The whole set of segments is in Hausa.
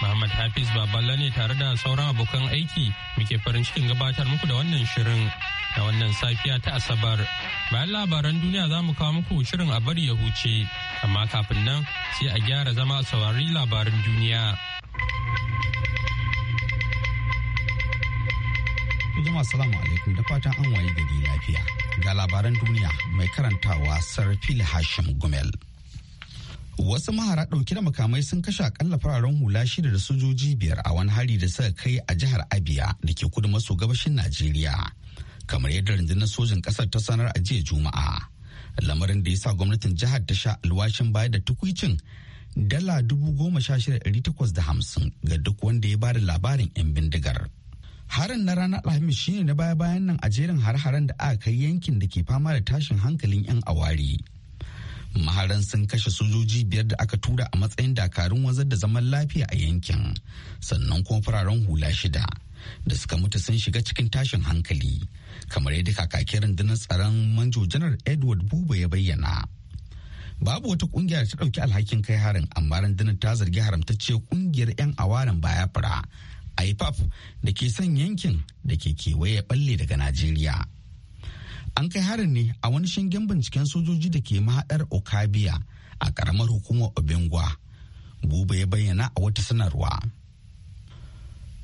Muhammad Hafiz Baballa ne tare da sauran abokan aiki muke farin cikin gabatar muku da wannan shirin da wannan safiya ta Asabar. Bayan labaran duniya za mu kawo muku shirin a bari ya huce, amma kafin nan sai a gyara zama a saurari labaran duniya. Jama'a salamu alaikum da fatan an waye gari lafiya. Ga labaran duniya mai karantawa Sarfil Hashim Gumel. wasu mahara ɗauke da makamai sun kashe akalla fararen hula shida da sojoji biyar a wani hari da suka kai a jihar abia da ke kudu maso gabashin najeriya kamar yadda rundunar sojin ƙasar ta sanar a jiya juma'a lamarin da ya sa gwamnatin jihar ta sha alwashin baya da tukwicin dala dubu goma sha shida ɗari takwas da hamsin ga duk wanda ya bada labarin 'yan bindigar harin na ranar alhamis shine na baya-bayan nan a jerin har-haren da aka kai yankin da ke fama da tashin hankalin 'yan awari. maharan sun kashe sojoji biyar da aka tura a matsayin dakarun wanzar da zaman lafiya a yankin sannan kuma fararen hula shida da suka mutu sun shiga cikin tashin hankali kamar yadda kakakin rundunar tsaron manjo janar edward buba ya bayyana babu wata kungiyar ta dauki alhakin kai harin amma rundunar ta zargi haramtacce kungiyar 'yan awaran baya fara ipap da ke son yankin da ke kewaye balle daga najeriya An kai harin ne a wani shingen binciken sojoji da ke mahadar Okabiya a karamar hukumar obingwa Buba ya bayyana a wata sanarwa.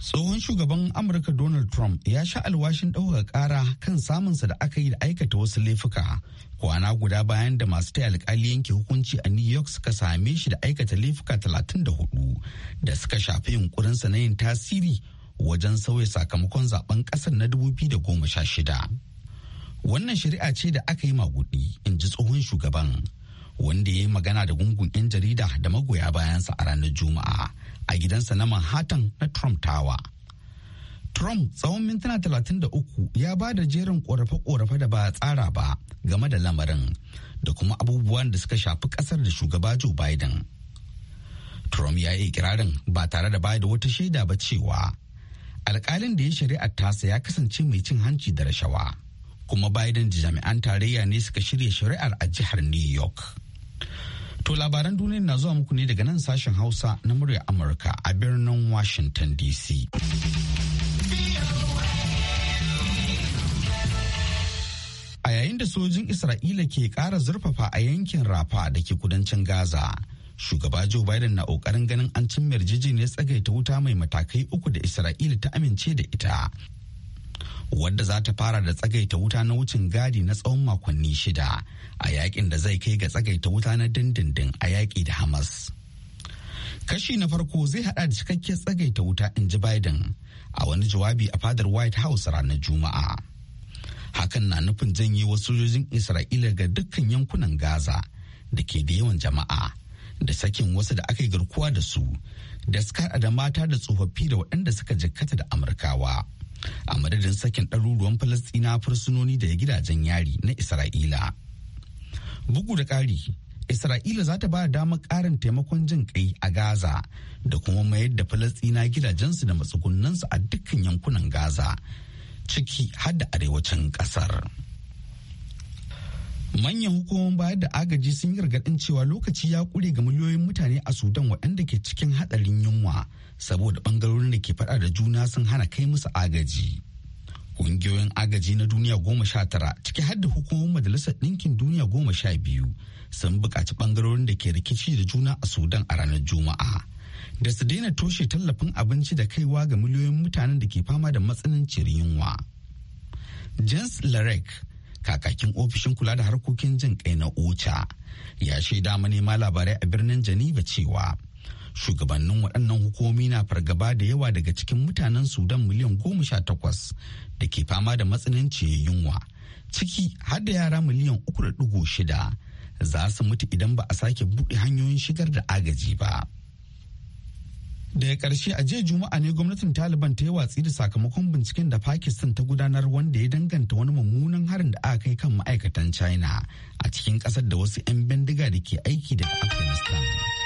Tsohon shugaban Amurka Donald Trump ya sha alwashin ɗaukar ƙara kan samunsa da aka yi da aikata wasu laifuka kwana guda bayan da masu taya alkali yanke hukunci a New York suka same shi da aikata laifuka 34 da suka shafi yunkurinsa na yin tasiri wajen sauya sakamakon zaben ƙasar na 2016. wannan shari'a ce da aka yi magudi in ji tsohon shugaban wanda ya yi magana da gungun 'yan jarida da magoya bayansa a ranar juma'a a gidansa na manhattan na trump tower. trump tsawon mintuna 33 ya ba da jerin korafe-korafe da ba a tsara ba game da lamarin da kuma abubuwan da suka shafi kasar da shugaba joe biden trump ya yi ikirarin ba tare da bayar da wata shaida ba cewa alkalin da ya shari'ar tasa ya kasance mai cin hanci da rashawa. kuma Biden da jami'an tarayya ne suka shirya shari'ar a jihar New York. To labaran duniya na zuwa muku ne daga nan sashen Hausa na murya Amurka a birnin Washington DC. A yayin da sojin Isra'ila ke kara zurfafa a yankin Rafa da ke kudancin Gaza, shugaba Joe Biden na ƙoƙarin ganin an cin yarjejeniyar tsagaita wuta mai matakai uku da Isra'ila ta amince da ita wadda za ta fara da tsagaita wuta na wucin gadi na tsawon makonni shida a yakin da zai kai ga tsagaita wuta na dindindin a yaƙi da hamas kashi na farko zai hada da cikakken tsagaita wuta in ji biden a wani jawabi a fadar white house ranar juma'a hakan na nufin janye wasu sojojin isra'ila ga dukkan yankunan gaza da ke da yawan jama'a da sakin wasu da aka yi garkuwa da su da suka da mata da tsofaffi da waɗanda suka jikkata da amurkawa a madadin sakin ɗaruruwan Falasɗina fursunoni da gidajen yari na isra'ila bugu da ƙari isra'ila za ta ba da damar ƙarin taimakon jin kai a gaza da kuma mayar da Falasɗina gidajensu da matsugunansu a dukkan yankunan gaza ciki har da arewacin ƙasar manyan hukumomin bayar da agaji sun yi gargaɗin cewa lokaci ya ƙure ga miliyoyin mutane a sudan waɗanda ke cikin haɗarin yunwa saboda bangarorin da ke fada da juna sun hana kai musu agaji ƙungiyoyin agaji na duniya goma sha tara ciki har da hukumomin majalisar ɗinkin duniya goma sha biyu sun buƙaci bangarorin da ke rikici da juna a sudan a ranar juma'a da su daina toshe tallafin abinci da kaiwa ga miliyoyin mutanen da ke fama da matsananciyar yunwa jens larek kakakin ofishin kula da harkokin jin kai na ocha ya shaida manema labarai a birnin geneva cewa shugabannin waɗannan hukumomi na fargaba da yawa daga cikin mutanen sudan miliyan goma sha takwas da ke fama da matsananciyar yunwa ciki har da yara miliyan uku da dugu shida za su mutu idan ba a sake buɗe hanyoyin shigar da agaji ba. daga ƙarshe a jiya juma'a ne gwamnatin taliban ta yi watsi da sakamakon binciken da pakistan ta gudanar wanda ya danganta wani mummunan harin da aka kai kan ma'aikatan china a cikin ƙasar da wasu 'yan bindiga da ke aiki daga afghanistan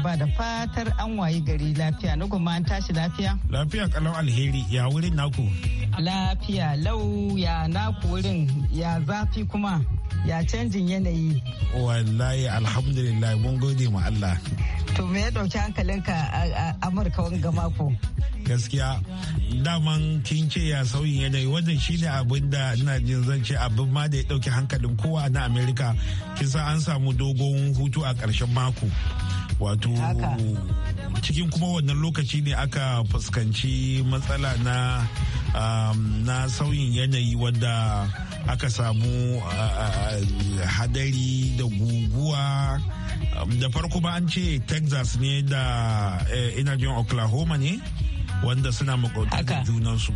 Ba da fatar an wayi gari lafiya na goma an tashi lafiya lafiya kalau alheri ya wurin naku lafiya lau ya naku wurin ya zafi kuma ya canjin yanayi wallahi alhamdulillah mun gode ma Allah to me ya dauki hankalinka a amurka wanga mako gaskiya daman kin ce ya sauyin yanayi wannan shine abin da ina jin zan ce abin ma da ya dauki hankalin kowa na Amerika, kin san an samu dogon hutu a ƙarshen mako wato cikin kuma wannan lokaci ne aka fuskanci matsala na um, na sauyin yanayi wanda aka samu uh, uh, hadari da guguwa um, da farko ba an ce texas ne da eh, ina oklahoma ne wanda suna makwautar junansu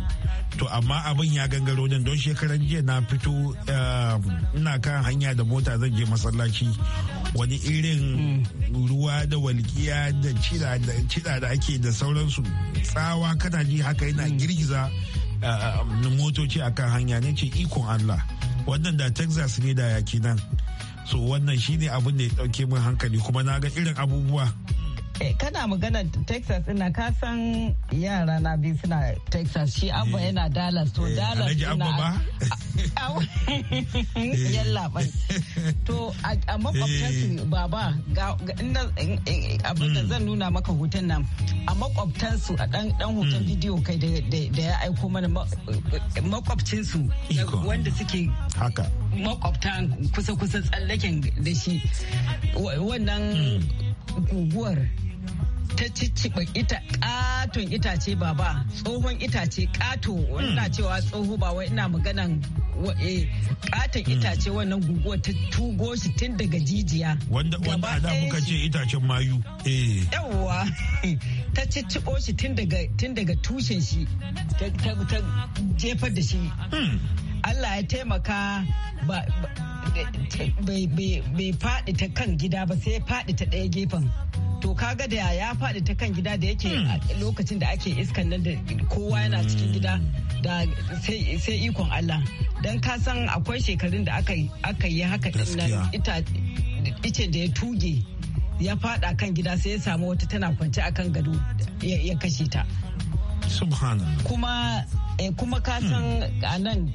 to amma abin ya gangaro nan don shekaran jiya na fito eh, ina kan hanya da mota zan je masallaci wani irin mm. ruwa da walƙiya da cida da ake da sauransu tsawa kana ji haka yana mm. girgiza eh, motoci akan hanya ne ce ikon Allah wannan da Texas ne da yaki nan so wannan shine abin da ya dauke min hankali kuma na ga irin abubuwa Eh, kana magana texas ina ka san yara na biyu suna texas shi abba eh. yana dallas to eh, dallas ina yalla bai to a makwabtansu baba ga abin da hmm. zan nuna maka hoton nan a makwabtansu a dan hoton hmm. bidiyo kai da ya aiko mana makwabcinsu wanda suke haka makwabtan kusa-kusa tsallaken da shi wannan hmm. guguwar ta cicciɓa ita katon itace baba tsohon itace kato wanda hmm. cewa tsoho ba wai ina maganan katon eh, hmm. itace wannan guguwar ta tugo shi tun daga jijiya wanda wanda da muka ce itacen mayu eh. yawwa ta cicciɓo shi tun daga tushen shi ta jefar da shi hmm. Allah ya taimaka bai faɗi ta kan gida ba sai ya faɗi ta ɗaya gefen to kaga da ya faɗi ta kan gida da yake hmm. lokacin da ake iskan nan da kowa yana cikin gida da sai ikon Allah don ka san akwai shekarun da aka yi haka icen da ya tuge ya faɗa kan gida sai ya samu wata tana kwance akan gado ya kashe ta subhanallah kuma eh, kuma ka san a nan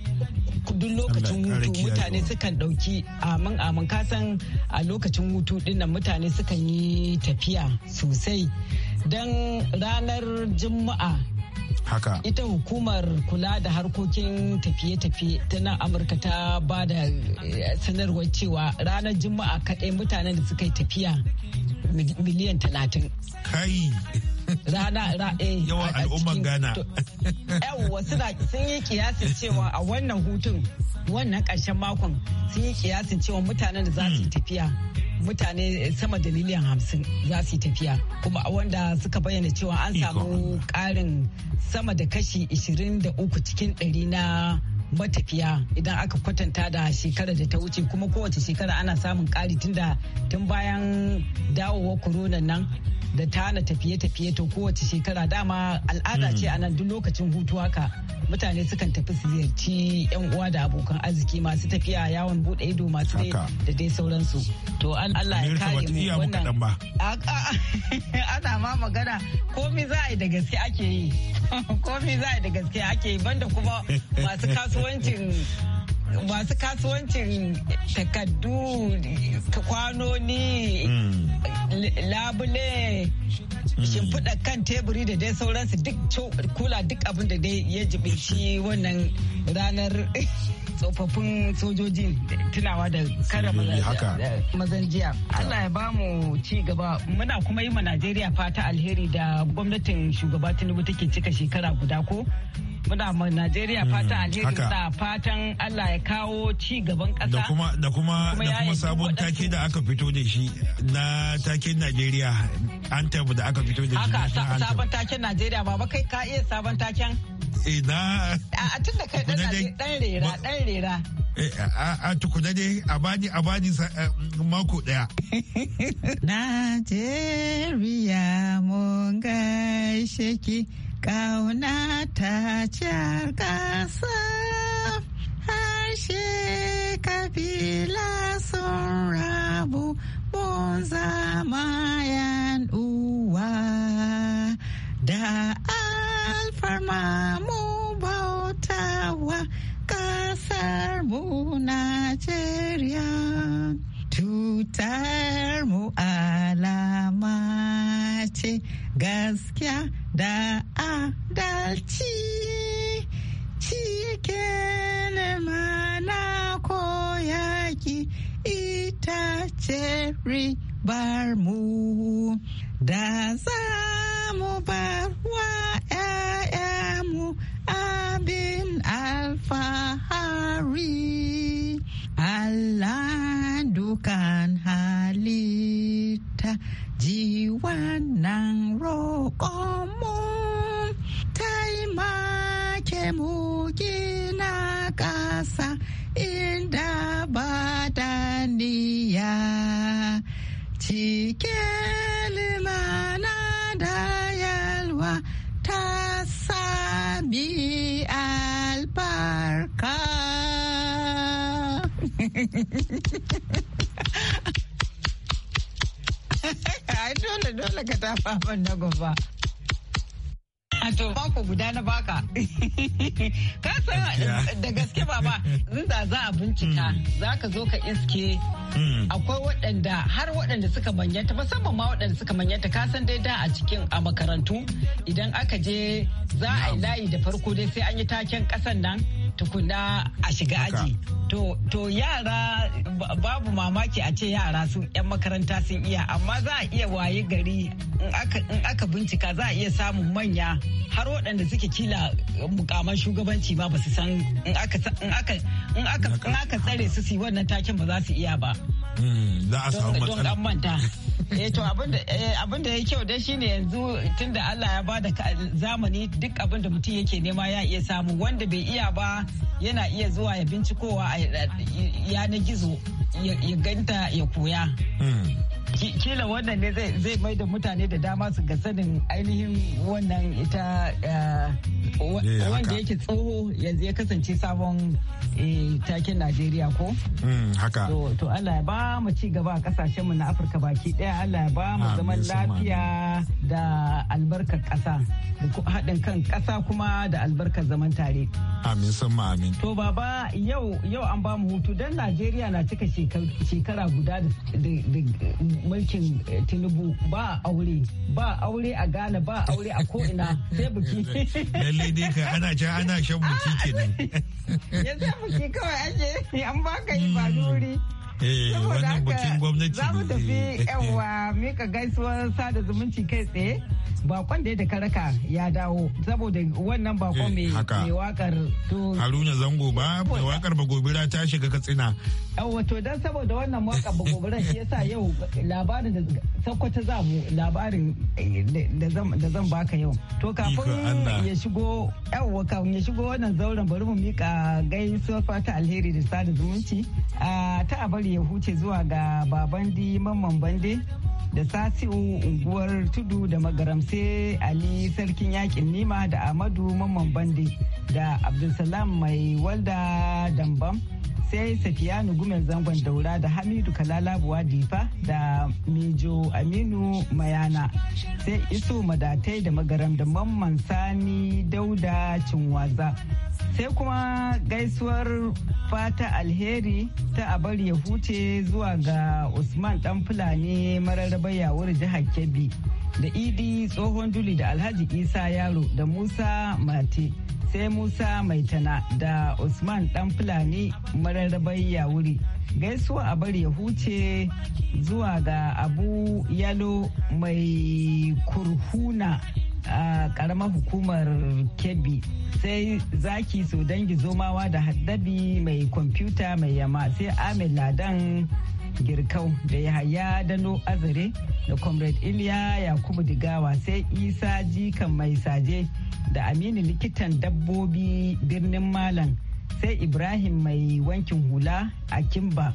duk lokacin hutu mutane sukan dauki amin amin ka san a lokacin hutu dinnan mutane sukan yi tafiya sosai don ranar juma'a haka ita hukumar kula da harkokin tafiye-tafiye ta nan amurka ta ba da eh, sanarwar cewa ranar juma'a kaɗai mutanen da suka yi tafiya miliyan talatin kai rana eh, yawan al'umman Ghana. Yawwa suna sun yi kiyasin cewa a wannan hutun wannan ƙarshen makon sun yi kiyasin cewa mutanen da za su hmm. tafiya mutane eh, sama da miliyan hamsin za su tafiya kuma a wanda suka bayyana cewa an samu ƙarin sama da kashi 23 cikin 100 na matafiya idan aka kwatanta da shekarar da ta wuce kuma kowace shekara ana samun ƙari tun da tun bayan dawowar corona nan da ta hana tafiye-tafiye to kowace shekara dama al'ada ce a nan duk lokacin hutu haka mutane sukan tafi su ziyarci yan uwa da abokan arziki masu tafiya yawon bude ido masu dai da dai sauransu to an Allah ya kare mu wannan ana ma magana komai za a yi da gaske ake yi komai za a yi da gaske ake yi banda kuma masu kaso kasuwancin masu kasuwancin takaddu kwanoni hmm. labule hmm. shimfiɗa kan teburi da dai sauransu duk kula duk abin da dai ya jibinci wannan ranar tsofaffin sojoji tunawa da kare mazan jiya. Allah ya ba mu ci gaba muna kuma yi ma Najeriya fata alheri da gwamnatin shugaba Tinubu take cika shekara guda ko muna ma Najeriya hmm, fata alheri da fatan Allah ya kawo ci gaban kasa da kuma da kuma da kuma sabon take da aka fito da shi na taken Najeriya anthem da aka fito da shi haka sabon taken Najeriya baba kai ka iya sabon taken ina eh, a tun da kai dan rera dan rera eh, a tukuna ne a bani a bani eh, mako daya. Najeriya mun gaishe ki kauna Tacar ƙasa harshe kabila sun rabu mun zama uwa da alfarma mu bautawa ƙasar mu Najeriya. Tutar mu alama ce gaskiya da a da ci cike ne na ko yaki ita ce ribar mu da za mu bar wa mu abin alfahari Allah dukan halitta ji wannan roƙon mu mu kina ƙasa inda ba da niyya cikin limana da yalwa ta sami albarka. dole dole ka tafa na gaba. to mako guda na baka ka san da gaske baba in za a bincika za ka zo ka iske Mm. akwai waɗanda har waɗanda suka manyanta musamman ma waɗanda suka manyanta kasan dai da a cikin a makarantu idan aka je za a yi layi da farko dai sai an yi taken ƙasan nan tukuna a shiga aji to, yara babu mamaki a ce yara sun 'yan makaranta sun iya amma za a iya waye gari in aka bincika za a iya samun manya har waɗanda suke kila mukaman shugabanci ba ba su san in aka tsare su su wannan takin ba za su iya ba Hmm, za a samu matsala eh to da eh, ya kyau dai shine yanzu tunda Allah ya bada zamani duk abin da mutum yake nema ya iya samu wanda bai iya ba yana iya zuwa ya bincikowa a yanar gizo ya ganta ya koya hmm. kila wannan ne zai mai da mutane da dama su ga sanin ainihin wannan ita eh, eh, wanda yake tsoho yanzu ya kasance sabon eh, takin najeriya ko hmm, haka to allah ya ba mu ci gaba a kasashen mu na afirka baki daya allah ya ba mu zaman lafiya da albarkar kasa da haɗin kan kasa kuma da albarkar zaman tare amin san amin to baba yau yau an ba mu hutu don najeriya na cika shekara guda da mulkin eh, tinubu ba aure ba aure a ghana ba aure a ko'ina sai buki lalle ne ka ana can ana shan buki kenan yanzu buki kawai ake an baka yi ba duri Eh, wannan bukin gwamnati za mu tafi yawa ka gaisuwar sada zumunci kai tsaye bakon da ya da karaka ya dawo saboda wannan bakon eh, mai wakar to haruna zango ba mai wakar bagobira ta shiga katsina yawa to dan saboda wannan wakar bagobira shi yasa yau labarin da sakwata za mu labarin eh, da zan baka yau to kafin ya shigo yawa kafin ya shigo wannan zauren bari mu mika gaisuwar fata alheri da sada zumunci ah, ta abari ya huce zuwa ga babandi mamman bande da sasi'u unguwar tudu da magaramse ali sarkin yakin nima da amadu mamman bande da abdulsalam mai walda dambam sai safiyanu gumen zangon daura da hamidu kalalabuwa difa da mejo aminu mayana sai iso madatai da magaram da mamman sani dauda cinwaza sai kuma gaisuwar fata alheri ta abar ya huce zuwa ga usman dan fulani mararraba yawar jihar kebbi da idi tsohon duli da alhaji isa yaro da musa mate sai Musa mai tana da Usman Dan Fulani mararrabai wuri Gaisuwa a bari ya huce zuwa ga Abu Yalo mai kurhuna a karamar hukumar Kebbi sai zaki so dangi zomawa da haddabi mai kwamfuta mai yama sai Amin Ladan girkau da yahaya dano azare da comrade iliya yakubu digawa sai isa jikan mai saje da aminu likitan dabbobi birnin malam sai ibrahim mai wankin hula a kimba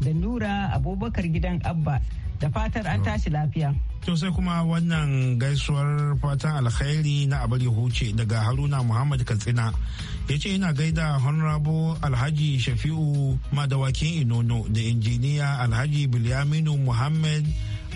da nura abubakar gidan abba da fatar an tashi lafiya to sai kuma wannan gaisuwar fatan alkhairi na abari huce daga haruna muhammad katsina ya ce yana gaida honrabo alhaji shafi'u madawakin inono da injiniya alhaji bilyaminu muhammad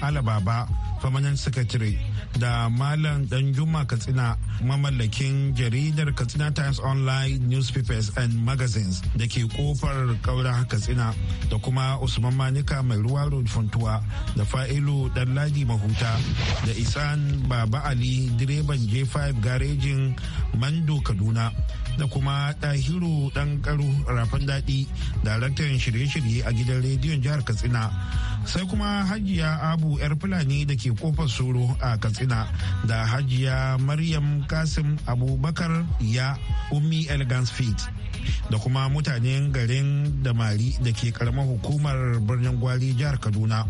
alababa famanan sakatare da malam danjuma katsina mamallakin jaridar katsina times online newspapers and magazines da ke kofar kaura katsina da kuma usman manika mai ruwa road funtuwa da fa'ilu ladi mahuta da isan baba ali direban j5 garejin mando kaduna da kuma ɗahiru ɗan rafin daɗi daraktan shirye-shirye a gidan rediyon jihar katsina sai kuma hajiya abu yar fulani da ke kofar soro a katsina da hajiya maryam kasim abubakar ya ummi elegance fit da kuma mutanen garin damari da ke karamar hukumar birnin gwari jihar kaduna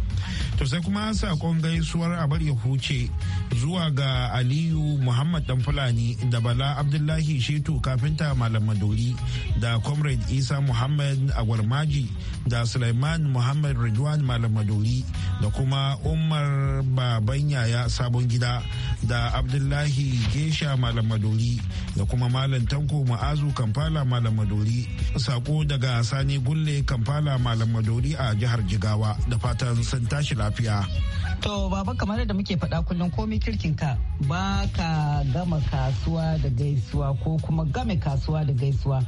To sai kuma sakon gaisuwar a bar huce zuwa ga Aliyu Muhammad Dan Fulani da Bala Abdullahi Shetu kafinta Malam Maduri da Comrade Isa Muhammad Agwarmaji da Sulaiman Muhammad Ridwan Malam Maduri da kuma Umar Baban Yaya Sabon Gida da Abdullahi Gesha Malam Maduri da kuma Malam Tanko Ma'azu Kampala Malam Maduri sako daga Sani Gulle Kampala Malam Maduri a jihar Jigawa da fatan sun tashi lafiya. lafiya. To baba kamar da muke faɗa kullum komi kirkin ka ba ka gama kasuwa da gaisuwa ko kuma game kasuwa da gaisuwa.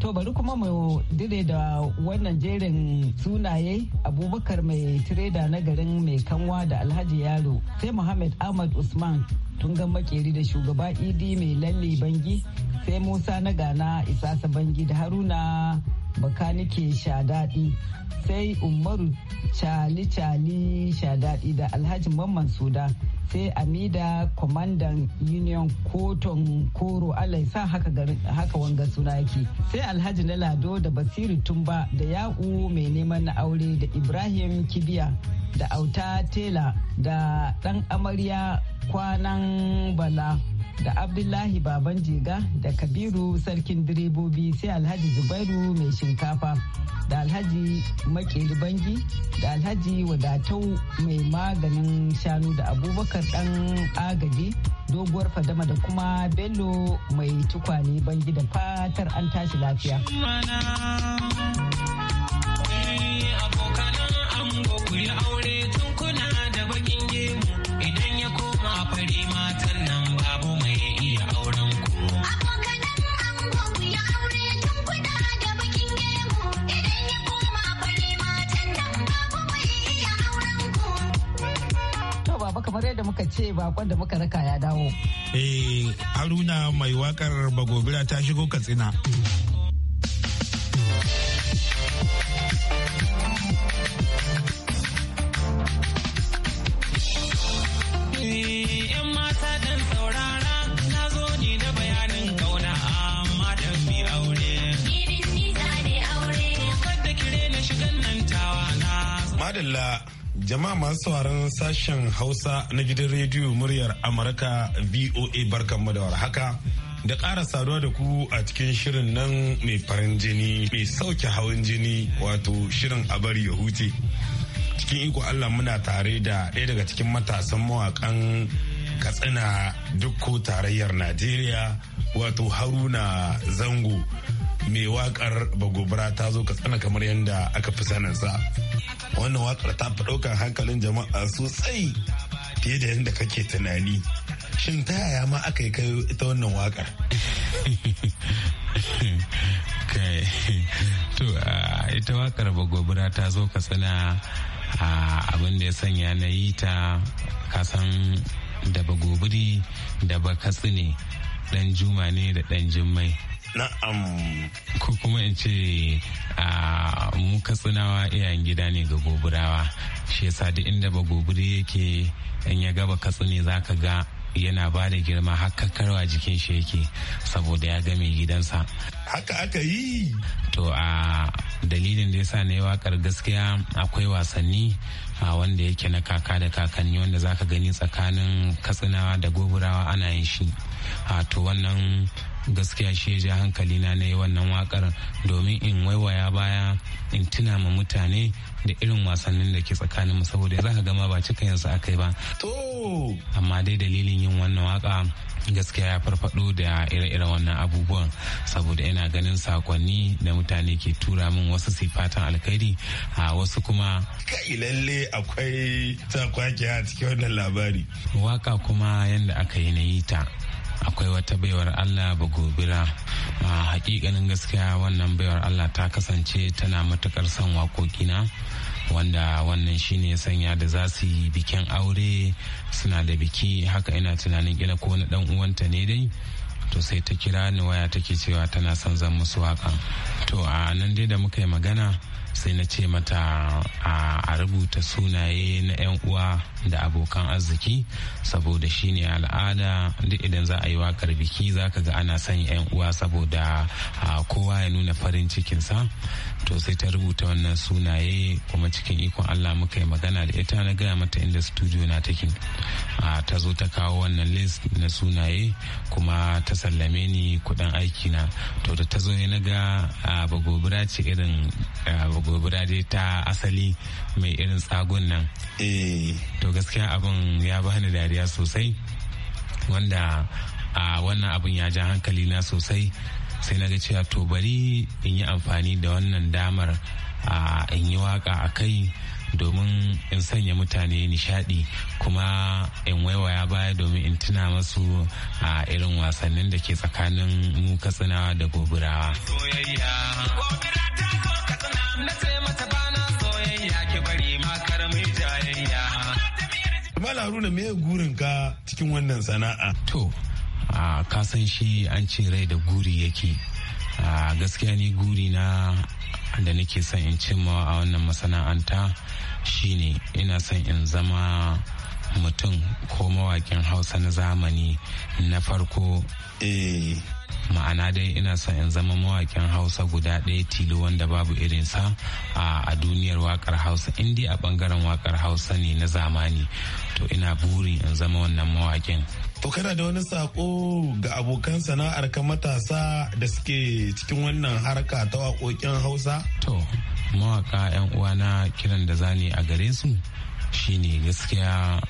To bari kuma mu dire da wannan jerin sunaye abubakar mai tireda na garin mai kanwa da alhaji yaro sai Muhammad Ahmad Usman tun ga makeri da shugaba idi mai lalle bangi sai Musa na gana isasa bangi da Haruna bakanike shadadi sai umaru cali-cali shadadi da alhaji mamman suda sai amida kwamandan union koton koro alai sa haka, wanga suna yake sai alhaji na lado da basiru tumba da ya'u mai neman na aure da ibrahim kibiya da auta tela da ɗan amarya kwanan bala da abdullahi baban jega da kabiru sarkin direbobi sai alhaji zubairu mai shinkafa da alhaji makeri bangi da alhaji wadatau mai maganin shanu da abubakar dan agaji doguwar fadama da kuma bello mai tukwane bangi da fatar an tashi lafiya aure aka ce bakon da muka raka ya dawo eh haruna mai wakar bagobira ta shigo katsina Jama'a masu sauraron sashen Hausa na gidan rediyo muryar Amurka VOA barkanmu da warhaka. Da ƙara saduwa da ku a cikin shirin nan mai farin jini mai sauke hawan jini wato shirin abar ya huce. Cikin iko Allah muna tare da ɗaya daga cikin matasan mawaƙan katsina duk ko tarayyar Najeriya wato Haruna Zango. mai wakar bagobara ta zo tsana kamar yadda aka fi saninsa wannan wakar ta fi ɗaukar hankalin jama'a sosai fiye da yadda kake tunani shin ta yaya ma aka yi kayo ita wannan wakar to ita wakar bagobara ta zo katsina abin da ya sanya na yi ta kasan da bagobiri da bakatsine dan juma ne da dan Jummai. na'am ko kuma in ce mu katsinawa iyayen gida ne ga goburawa shi yasa duk inda ba goburi yake in ya gaba katsine za ka ga yana ba da girma hakkakarwa jikin shi yake saboda ya mai gidansa haka aka yi to a dalilin da yasa na yi wakar gaskiya akwai wasanni a wanda yake na kaka da kakanni wanda za zaka gani tsakanin katsinawa da goburawa ana yin shi to wannan gaskiya shi ya ja hankali na na yi wannan wakar domin in waiwaya baya in tuna ma mutane da irin wasannin da ke tsakanin mu saboda za ka gama ba cika yansu aka yi ba amma dai dalilin yin wannan waka gaskiya ya farfado da ire-iren wannan abubuwan saboda ina ganin sakonni da mutane ke tura min wasu sifatan alkhairi a wasu kuma kai lalle akwai sakwaki a cikin wannan labari waka kuma yadda aka yi na yi ta akwai wata baiwar allah ba gobira a hakikanin gaskiya wannan baiwar allah ta kasance tana matukar son waƙoƙina wanda wannan shine ya sanya da za su yi bikin aure suna da biki haka ina tunanin kila ko na dan uwanta ne dai to sai ta kira ni waya take cewa tana son zan musu waka to a nan dai da muka yi magana sai na ce mata a rubuta sunaye na 'yan uwa da abokan arziki saboda shi ne al'ada duk idan za a yi wakar biki za ka ga ana son 'yan uwa saboda kowa ya nuna farin cikinsa to sai ta rubuta wannan sunaye kuma cikin ikon allah muka yi magana da ita na gaya mata inda studio na take ta zo ta kawo wannan list na sunaye kuma ta sallame ni kudin aiki na to da ta zo ya na ga bagobira ce irin bagobira dai ta asali mai irin tsagon nan eh. to gaskiya abin ya bani dariya sosai wanda a wannan abin ya ja hankali na sosai sai na ga cewa to bari in yi amfani da wannan damar in yi waka a kai domin in sanya mutane nishadi kuma in waiwaya baya domin in tuna masu a irin wasannin da ke tsakanin mu katsinawa da gobirawa. Soyayya, Mala Haruna me gurin ka cikin wannan sana'a? To, a ka shi an ce rai da guri yake. A gaskiya ni guri na da nake son in cimma a wannan masana'anta shine ina son in zama mutum ko mawakin hausa na zamani na farko. Eh. ma'ana dai ina son in zama mawakin hausa guda ɗaya tilo wanda babu irin sa a duniyar wakar hausa in a ɓangaren waƙar hausa ne na zamani to ina buri in zama wannan mawakin to kana da wani sako ga abokan sana'ar ka matasa da suke cikin wannan harka ta waƙoƙin hausa to mawaka 'yan uwana kiran da zani a gare su shine gaskiya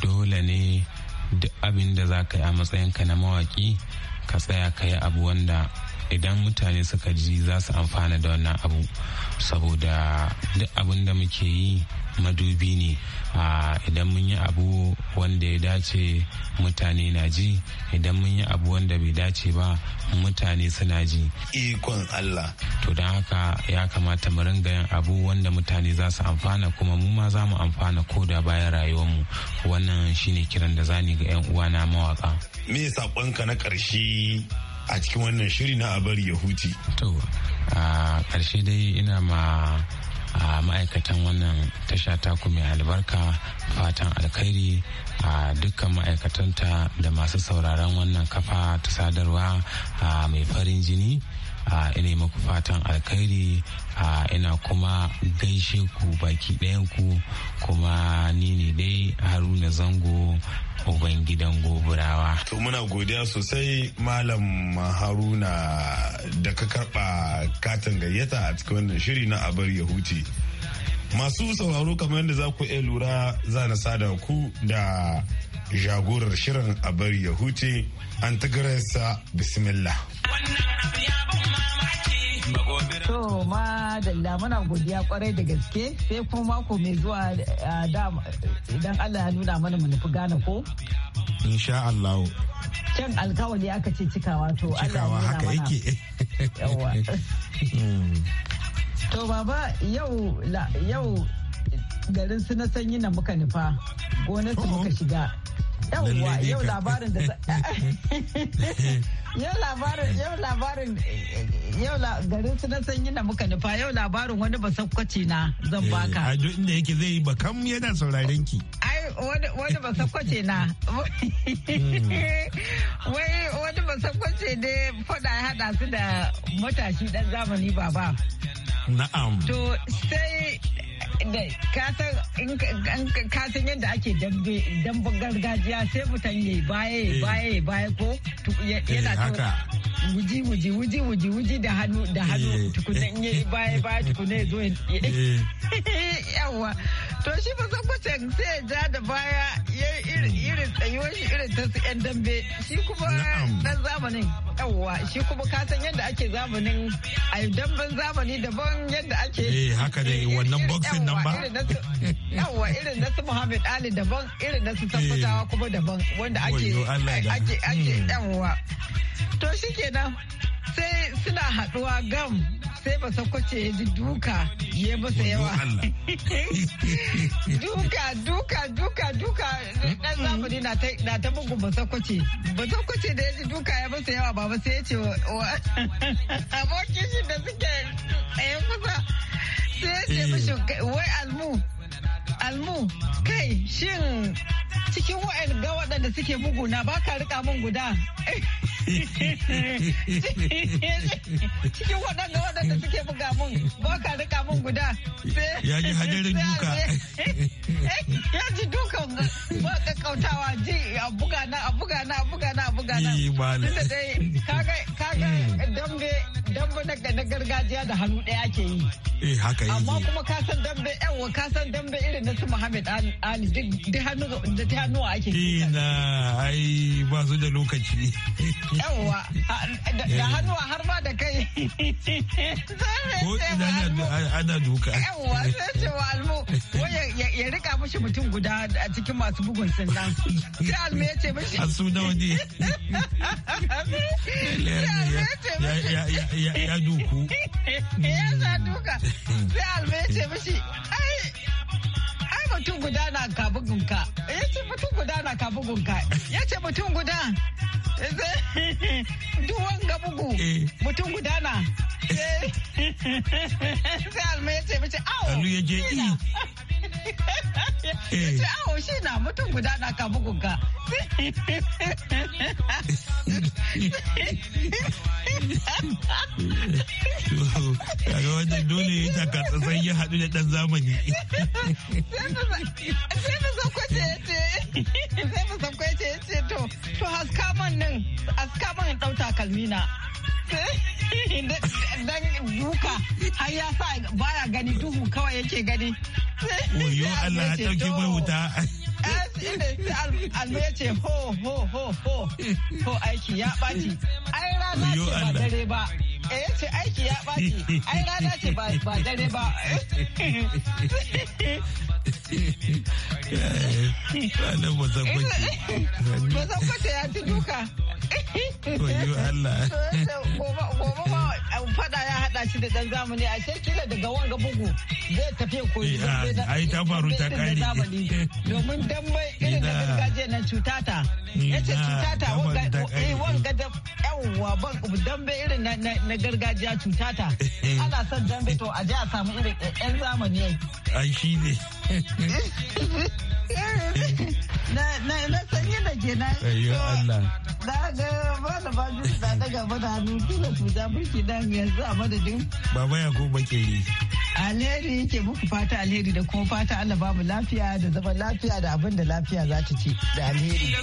dole ne duk abin da za ka yi a matsayinka na mawaki ka tsaya ka yi abu wanda idan mutane suka ji za su amfana da wannan abu saboda duk abin da muke yi madubi ne idan mun yi abu wanda ya dace mutane na ji idan mun yi abu wanda bai dace ba mutane suna ji ikon Allah to don haka ya kamata mu ringa yin abu wanda mutane za su amfana kuma mu ma za mu amfana ko da bayan mu wannan shine kiran da zani ga 'yan uwana mawaka me saƙonka na ƙarshe a cikin wannan shiri na abar ya huce. To, a ƙarshe dai ina ma a ma'aikatan wannan tasha taku mai albarka fatan alkhairi a dukkan ma'aikatanta da masu sauraron wannan kafa ta sadarwa mai farin jini. ina maku fatan alkhairi ina kuma gaishe ku baki ɗayan ku kuma ni ne dai haruna zango Ubangidan Goburawa. To muna godiya sosai Malam Haruna da ka karɓa katin gayyata a cikin wannan shiri na abar Yahuti. Masu sauraro kamar yadda za ku iya lura za na sada ku da jagorar shirin a bari ya huce an tagararsa bismillah. Wannan To ma da muna godiya kwarai da gaske sai kuma mako mai zuwa idan Allah ya nuna mana manufi gane Ghana ko? Insha Allah. Can alkawali aka ce cikawa to Allah Cikawa haka yake. Yawwa. To baba yau yau garin su na sanyi na muka nufa gonar su muka shiga yauwa yau labarin da yau labarin yau labarin yau garin su na sanyi na muka nufa yau labarin wani basakwaci na zan eh, baka a duk inda yake zai yi bakam yana sauraren ki ai wani basakwaci na hmm. wai wani basakwaci ne fada hada su da matashi dan zamani baba na'am to sai ka san yadda ake dambe gargajiya sai mutum ya baya eh. ya baya eh, ko yana haka wuji wuji wuji wuji wuji da hannu da hannu eh. tukuna in yi baya baya tukuna ya zo ya eh. yawa to shi ba san kwace sai ya ja da baya ya hmm. irin tsayuwar shi irin ta yan dambe shi kuma dan zamanin yawa shi kuma ka san yadda ake zamanin a damben zamani daban yadda ake eh haka ne wannan boxing nan ba yawa irin na su Muhammad Ali daban irin na su tabbatawa eh. kuma daban wanda ake ake ake hmm. yawa to shi ke gida sai suna haɗuwa gam sai ba sakwace ya ji duka ya masa yawa duka duka duka duka dan zamani na ta bugu ba sakwace ba sakwace da ya ji duka ya masa yawa ba sai ya ce wa abokin shi da suke ya kusa sai ya ce eh. mashi wai almu almu kai shin cikin ga waɗanda suke buguna ba ka rika mun guda cikin waɗanda waɗanda suke buga mun ba ka rika mun guda ya ji hadarin duka eh, ya ji duka ba ka kautawa ji a buga na a buga na a buga na a buga na kaga hmm. dambe dambe na gargajiya da hannu ɗaya ake yi. Eh haka yake. Amma kuma ka san dambe yawa ka san dambe irin na su Muhammad Ali duk hannu da ta ake yi. Ina ai ba su da lokaci. Yawa da eh. hannuwa har ma da kai. Ko ina ana duka. Yawa sai ce wa almu ya rika mishi mutum guda a cikin masu bugun sandan. Sai almu ya ce mishi. A su nawa ne. Sai almu ya ce ya duku ya sa duka sai alma ya ce mishi ai ai mutum guda na kabugunka ya ce mutum guda na kabugunka ya ce mutum guda duwan ga bugu eh. mutum guda na sai alma ya ce mishi awo ya je ce awo shi na mutum guda na kamu bugun kaga wannan dole ya taka tsatsan ya haɗu da ɗan zamani sai mu sauko ce ce sai mu ce ce to to haska man nan haska man ɗau takalmi na dan duka har ya sa baya gani duhu kawai yake gani. Oyo Allah ya ɗauki mai wuta. Allo ya ce ho ho ho ho ho aiki ya ɓaci. Ai rana ce ba dare ba. eh ya aiki ya ɓaci ai rana ce ba dare ba ranar bazakwace ya ci duka koyo Allah gobe ma um, fada ya hada shi da dan zamani a kila daga wanga bugu zai tafi koyi ai ta faru ta kare domin dan bai irin da gargajiya na cutata yace cutata eh, wanga da yawwa ban dan bai irin na na gargajiya cuta ta eh. ana son dambe to a je a samu irin yan zamani yau ai shi ne na sanye da ke na na ga malama jinsu da daga mana hannu kila cuta mulki dan yanzu a madadin baba ya ko yi. alheri yake muku fata alheri da kuma fata Allah ba lafiya da zaman lafiya da abin da lafiya za ta ci da alheri.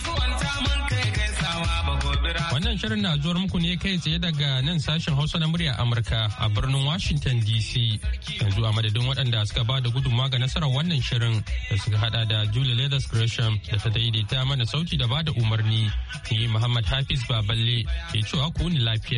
Wannan shirin na zuwar muku ne kai tsaye daga nan sashen Hausa na murya Amurka a birnin Washington DC. Yanzu a madadin waɗanda suka ba da gudunmawa ga nasarar wannan shirin da suka hada da Julie Leathers Gresham da ta daidaita mana sauki da ba da umarni. Ni Muhammad Hafiz Baballe ke cewa ku ni lafiya.